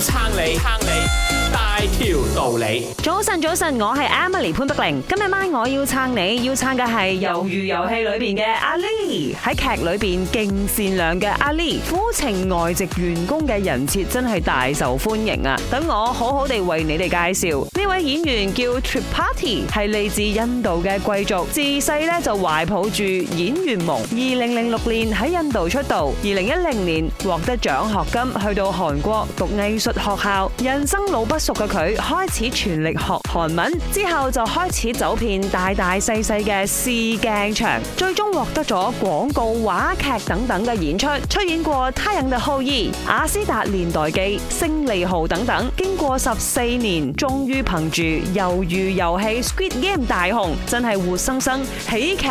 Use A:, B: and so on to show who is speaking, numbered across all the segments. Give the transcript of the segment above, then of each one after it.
A: 撐你，撐你，大條道理。
B: 早晨，早晨，我係 Emily 潘碧玲。今日晚我要撐你，要撐嘅係《魷魚遊戲》裏邊嘅阿 Lee。喺劇裏邊勁善良嘅阿 Lee，苦情外籍員工嘅人設真係大受歡迎啊！等我好好地為你哋介紹呢位演員叫 Triparty，係嚟自印度嘅貴族，自細咧就懷抱住演員夢。二零零六年喺印度出道，二零一零年獲得獎學金去到韓國讀藝術。學校人生老不熟嘅佢，開始全力學韓文，之後就開始走遍大大細細嘅試鏡場，最終獲得咗廣告、話劇等等嘅演出，出演過《太陽的後裔》《阿斯達年代記》《勝利號》等等。經過十四年，終於憑住《魷魚遊戲》（Squid Game） 大紅，真係活生生喜劇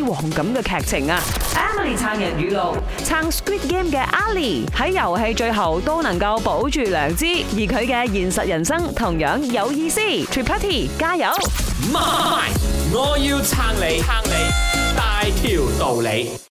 B: 之王咁嘅劇情啊！Emily 撐人語錄，撐《Squid Game》嘅 Ali 喺遊戲最後都能夠保住兩。知，而佢嘅現實人生同樣有意思。t r i p a r T，y 加油
A: 我！我要撐你，撐你大跳道理。